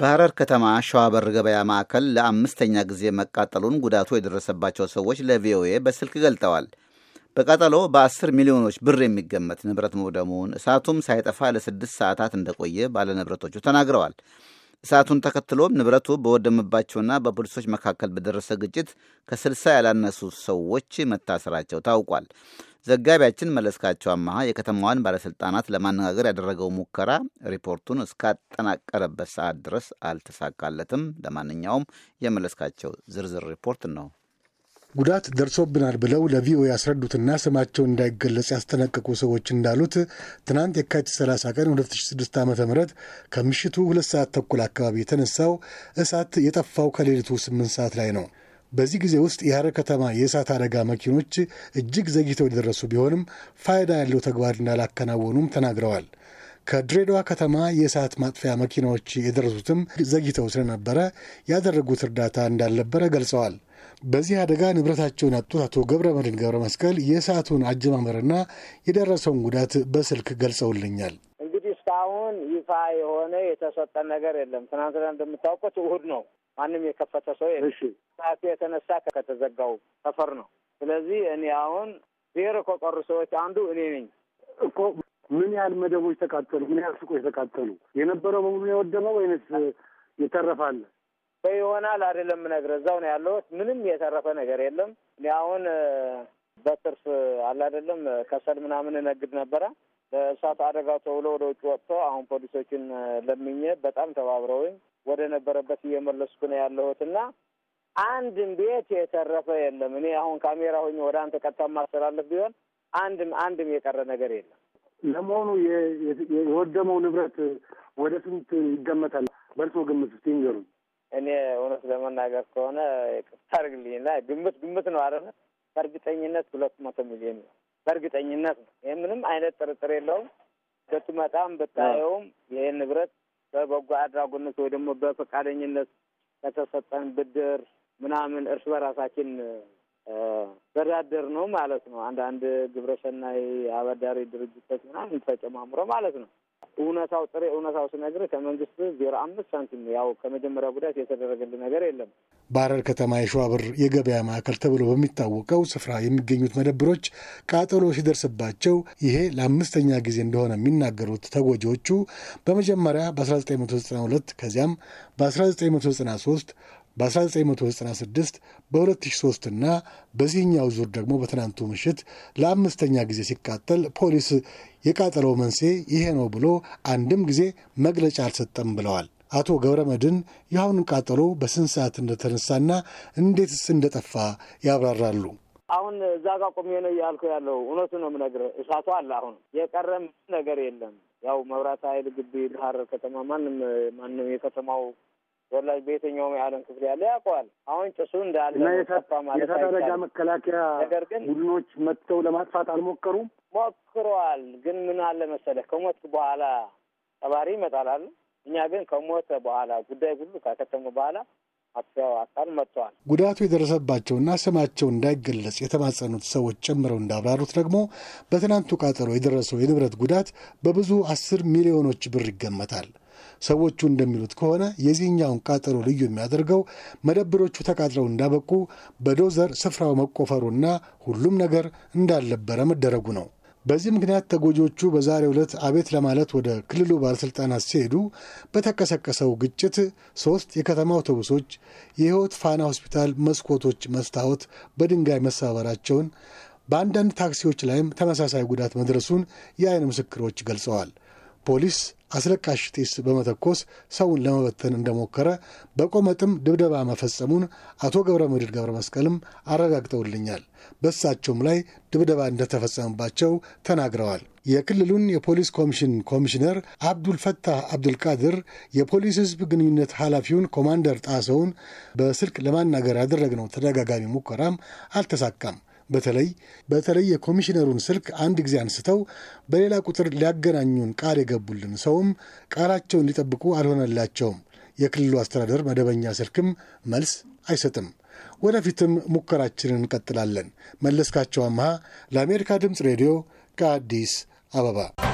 በሐረር ከተማ ሸዋበር ገበያ ማዕከል ለአምስተኛ ጊዜ መቃጠሉን ጉዳቱ የደረሰባቸው ሰዎች ለቪኦኤ በስልክ ገልጠዋል። በቃጠሎ በ10 ሚሊዮኖች ብር የሚገመት ንብረት መውደሙን፣ እሳቱም ሳይጠፋ ለስድስት ሰዓታት እንደቆየ ባለንብረቶቹ ተናግረዋል። እሳቱን ተከትሎም ንብረቱ በወደመባቸውና በፖሊሶች መካከል በደረሰ ግጭት ከስልሳ ያላነሱ ሰዎች መታሰራቸው ታውቋል። ዘጋቢያችን መለስካቸው አመሃ የከተማዋን ባለሥልጣናት ለማነጋገር ያደረገው ሙከራ ሪፖርቱን እስካጠናቀረበት ሰዓት ድረስ አልተሳካለትም። ለማንኛውም የመለስካቸው ዝርዝር ሪፖርት ነው ጉዳት ደርሶብናል ብለው ለቪኦኤ ያስረዱትና ስማቸው እንዳይገለጽ ያስጠነቀቁ ሰዎች እንዳሉት ትናንት የካቲት 30 ቀን 2006 ዓ ም ከምሽቱ ሁለት ሰዓት ተኩል አካባቢ የተነሳው እሳት የጠፋው ከሌሊቱ 8 ሰዓት ላይ ነው። በዚህ ጊዜ ውስጥ የሐረር ከተማ የእሳት አደጋ መኪኖች እጅግ ዘግይተው የደረሱ ቢሆንም ፋይዳ ያለው ተግባር እንዳላከናወኑም ተናግረዋል። ከድሬዳዋ ከተማ የእሳት ማጥፊያ መኪናዎች የደረሱትም ዘግይተው ስለነበረ ያደረጉት እርዳታ እንዳልነበረ ገልጸዋል። በዚህ አደጋ ንብረታቸውን ያጡት አቶ ገብረ መድን ገብረ መስቀል የሰዓቱን አጀማመርና የደረሰውን ጉዳት በስልክ ገልጸውልኛል። እንግዲህ እስካሁን ይፋ የሆነ የተሰጠ ነገር የለም። ትናንትና እንደምታውቁት እሁድ ነው። ማንም የከፈተ ሰው የለም። የተነሳ ከተዘጋው ሰፈር ነው። ስለዚህ እኔ አሁን ዜሮ ከቀሩ ሰዎች አንዱ እኔ ነኝ እኮ። ምን ያህል መደቦች ተቃጠሉ? ምን ያህል ሱቆች ተቃጠሉ? የነበረው በሙሉ የወደመ ወይነት የተረፋለ በይሆናል አይደለም እነግርህ እዛው ነው ያለሁት። ምንም የተረፈ ነገር የለም። እኔ አሁን በትርፍ አለ አይደለም ከሰል ምናምን እነግድ ነበረ። በእሳት አደጋው ተብሎ ወደ ውጭ ወጥቶ አሁን ፖሊሶችን ለምኜ በጣም ተባብረውኝ ወደ ነበረበት እየመለስኩ ነው ያለሁት እና አንድም ቤት የተረፈ የለም። እኔ አሁን ካሜራ ሆኜ ወደ አንተ ቀጥታ ማስተላለፍ ቢሆን አንድም አንድም የቀረ ነገር የለም። ለመሆኑ የወደመው ንብረት ወደ ስንት ይገመታል? በእርስዎ ግምት እስኪ ንገሩኝ። እኔ እውነት ለመናገር ከሆነ ይቅርታ አድርግልኝና ግምት ግምት ነው አረ በእርግጠኝነት ሁለት መቶ ሚሊዮን ነው። በእርግጠኝነት ነው። ይህ ምንም አይነት ጥርጥር የለውም። ብትመጣም ብታየውም ይህ ንብረት በበጎ አድራጎነት ወይ ደግሞ በፈቃደኝነት ከተሰጠን ብድር ምናምን እርስ በራሳችን በዳደር ነው ማለት ነው። አንዳንድ ግብረሰናይ አበዳሪ ድርጅቶች ምናምን ተጨማምሮ ማለት ነው እውነታው ጥሬ እውነታው ስነግር ከመንግስት ዜሮ አምስት ሳንቲም ያው ከመጀመሪያው ጉዳት የተደረገልን ነገር የለም። በሐረር ከተማ የሸዋብር የገበያ ማዕከል ተብሎ በሚታወቀው ስፍራ የሚገኙት መደብሮች ቃጠሎ ሲደርስባቸው ይሄ ለአምስተኛ ጊዜ እንደሆነ የሚናገሩት ተጎጂዎቹ በመጀመሪያ በ1992 ከዚያም በ1993 በ1996 በ2003 እና በዚህኛው ዙር ደግሞ በትናንቱ ምሽት ለአምስተኛ ጊዜ ሲቃጠል ፖሊስ የቃጠለው መንስኤ ይሄ ነው ብሎ አንድም ጊዜ መግለጫ አልሰጠም ብለዋል። አቶ ገብረ መድን የአሁኑን ቃጠሎ በስንት ሰዓት እንደተነሳና እንዴትስ እንደጠፋ ያብራራሉ። አሁን እዛ ጋር ቆሜ ነው እያልኩ ያለው እውነቱ ነው የምነግርህ። እሳቱ አለ። አሁን የቀረም ነገር የለም። ያው መብራት ኃይል ግቢ ዳህር ከተማ ማንም ማንም የከተማው ወላጅ በየትኛውም የዓለም ክፍል ያለ ያውቀዋል። አሁን ጭሱ እንዳለ ጠፋ ማለት የእሳት መከላከያ ነገር ግን ቡድኖች መጥተው ለማጥፋት አልሞከሩም። ሞክሯል። ግን ምን አለ መሰለህ ከሞት በኋላ ጠባሪ ይመጣላል። እኛ ግን ከሞተ በኋላ ጉዳይ ሁሉ ካከተሙ በኋላ አጥፊያው አካል መጥተዋል። ጉዳቱ የደረሰባቸውና ስማቸው እንዳይገለጽ የተማጸኑት ሰዎች ጨምረው እንዳብራሩት ደግሞ በትናንቱ ቃጠሎ የደረሰው የንብረት ጉዳት በብዙ አስር ሚሊዮኖች ብር ይገመታል። ሰዎቹ እንደሚሉት ከሆነ የዚህኛውን ቃጠሎ ልዩ የሚያደርገው መደብሮቹ ተቃጥለው እንዳበቁ በዶዘር ስፍራው መቆፈሩና ሁሉም ነገር እንዳልነበረ መደረጉ ነው። በዚህ ምክንያት ተጎጂዎቹ በዛሬ ዕለት አቤት ለማለት ወደ ክልሉ ባለሥልጣናት ሲሄዱ በተቀሰቀሰው ግጭት ሦስት የከተማ አውቶቡሶች፣ የሕይወት ፋና ሆስፒታል መስኮቶች መስታወት በድንጋይ መሰባበራቸውን በአንዳንድ ታክሲዎች ላይም ተመሳሳይ ጉዳት መድረሱን የአይን ምስክሮች ገልጸዋል። ፖሊስ አስለቃሽ ጢስ በመተኮስ ሰውን ለመበተን እንደሞከረ በቆመጥም ድብደባ መፈጸሙን አቶ ገብረ ምድር ገብረ መስቀልም አረጋግጠውልኛል። በእሳቸውም ላይ ድብደባ እንደተፈጸመባቸው ተናግረዋል። የክልሉን የፖሊስ ኮሚሽን ኮሚሽነር አብዱልፈታህ አብዱልቃድር የፖሊስ ሕዝብ ግንኙነት ኃላፊውን ኮማንደር ጣሰውን በስልክ ለማናገር ያደረግነው ተደጋጋሚ ሙከራም አልተሳካም። በተለይ በተለይ የኮሚሽነሩን ስልክ አንድ ጊዜ አንስተው በሌላ ቁጥር ሊያገናኙን ቃል የገቡልን ሰውም ቃላቸውን ሊጠብቁ አልሆነላቸውም። የክልሉ አስተዳደር መደበኛ ስልክም መልስ አይሰጥም። ወደፊትም ሙከራችንን እንቀጥላለን። መለስካቸው አምሃ ለአሜሪካ ድምፅ ሬዲዮ ከአዲስ አበባ